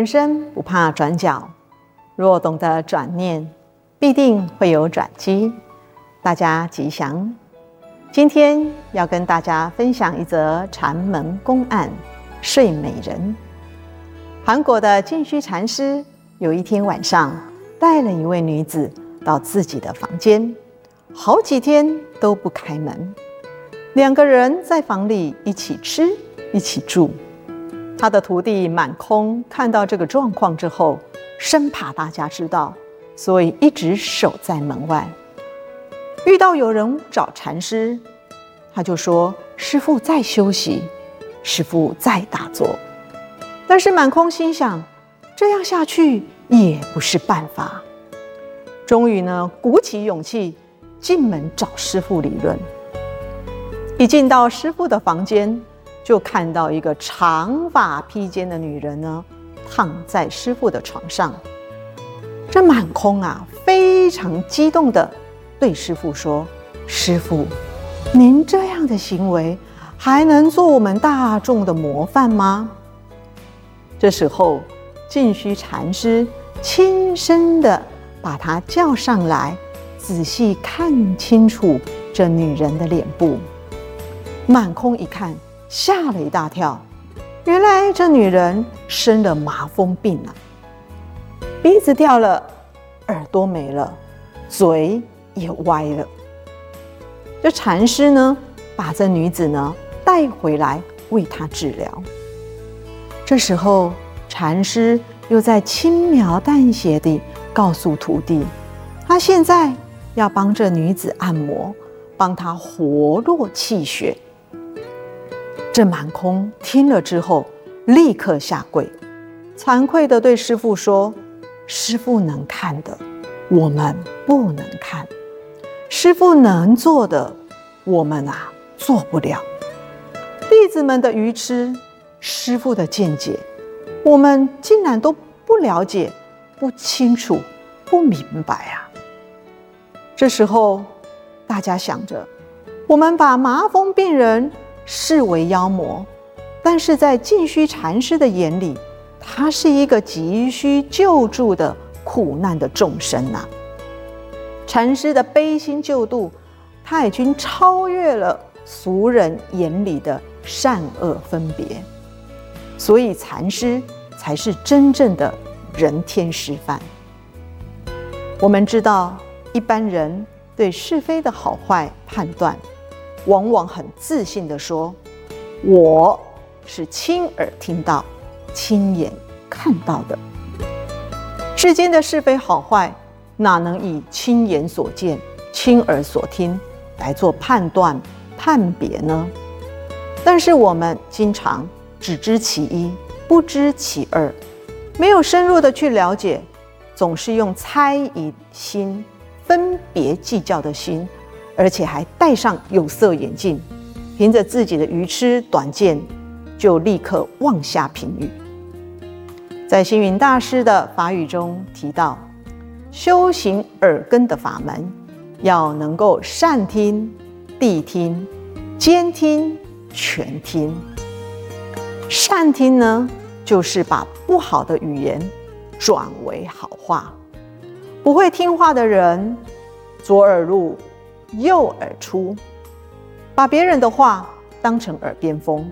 人生不怕轉角，若懂得轉念，必定會有轉機。大家吉祥。今天要跟大家分享一則禪門公案《睡美人》。韓國的鏡虛禪師有一天晚上帶了一位女子到自己的房間，好幾天都不開門，兩個人在房裡一起吃，一起住。他的徒弟滿空看到這個狀況之後，生怕大家知道，所以一直守在門外。遇到有人找禪師，他就說：“師父在休息，師父在打坐。”但是滿空心想，這樣下去也不是辦法。終於呢，鼓起勇氣進門找師父理論。一進到師父的房間。就看到一個長髮披肩的女人呢，躺在師父的床上。這滿空啊，非常激動的對師父說：“師父，您這樣的行為，還能做我們大眾的模範嗎？”這時候，淨虛禪師輕聲的把他叫上來，仔細看清楚這女人的臉部。滿空一看。嚇了一大跳，原來這女人生了麻風病了啊，鼻子掉了，耳朵沒了，嘴也歪了。這禪師呢，把這女子呢帶回來為她治療。這時候，禪師又在輕描淡寫地告訴徒弟，他現在要幫這女子按摩，幫她活絡氣血。這滿空聽了之後，立刻下跪，慚愧地對師父說：“師父能看的，我們不能看；師父能做的，我們啊做不了。弟子們的愚癡，師父的見解，我們竟然都不了解、不清楚、不明白啊！”這時候，大家想着，我們把麻風病人，視為妖魔，但是在淨虛禪師的眼裡，他是一個急需救助的苦難的眾生吶、啊。禪師的悲心救度，他已經超越了俗人眼裡的善惡分別，所以禪師才是真正的人天師範。我們知道，一般人對是非的好壞判斷，往往很自信地說：“我是親耳聽到、親眼看到的。”世間的是非好壞，哪能以親眼所見、親耳所聽來做判斷、判別呢？但是我們經常只知其一，不知其二，沒有深入的去了解，總是用猜疑心、分別計較的心。而且還戴上有色眼鏡，憑着自己的愚痴短見，就立刻妄下評語。在星雲大師的法語中提到，修行耳根的法門，要能夠善聽、諦聽、兼聽、全聽。善聽呢，就是把不好的語言轉為好話。不會聽話的人，左耳入，右耳出，把別人的話當成耳邊風。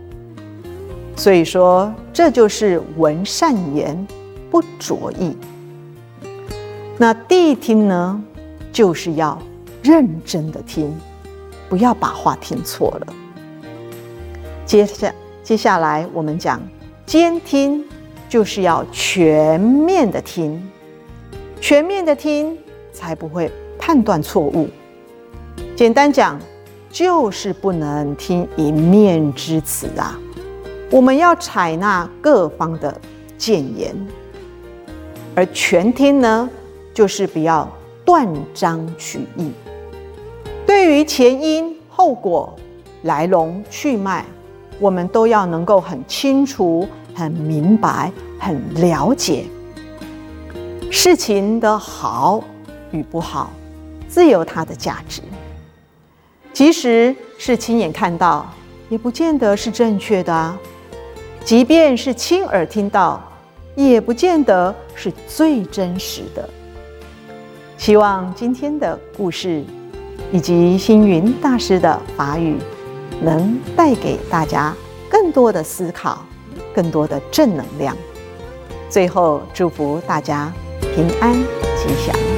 所以說，這就是聞善言不着意。那諦聽呢，就是要認真的聽，不要把話聽錯了。接下接下來我們講兼聽，就是要全面的聽，全面的聽才不會判斷錯誤。簡單講，就是不能聽一面之詞啊。我們要採納各方的建言，而全聽呢，就是不要斷章取義。對於前因後果、來龍去脈，我們都要能夠很清楚、很明白、很了解。事情的好與不好，自有它的價值。即使是親眼看到，也不見得是正確的啊。即便是親耳聽到，也不見得是最真實的。希望今天的故事，以及星雲大師的法語，能帶給大家更多的思考，更多的正能量。最後，祝福大家平安吉祥。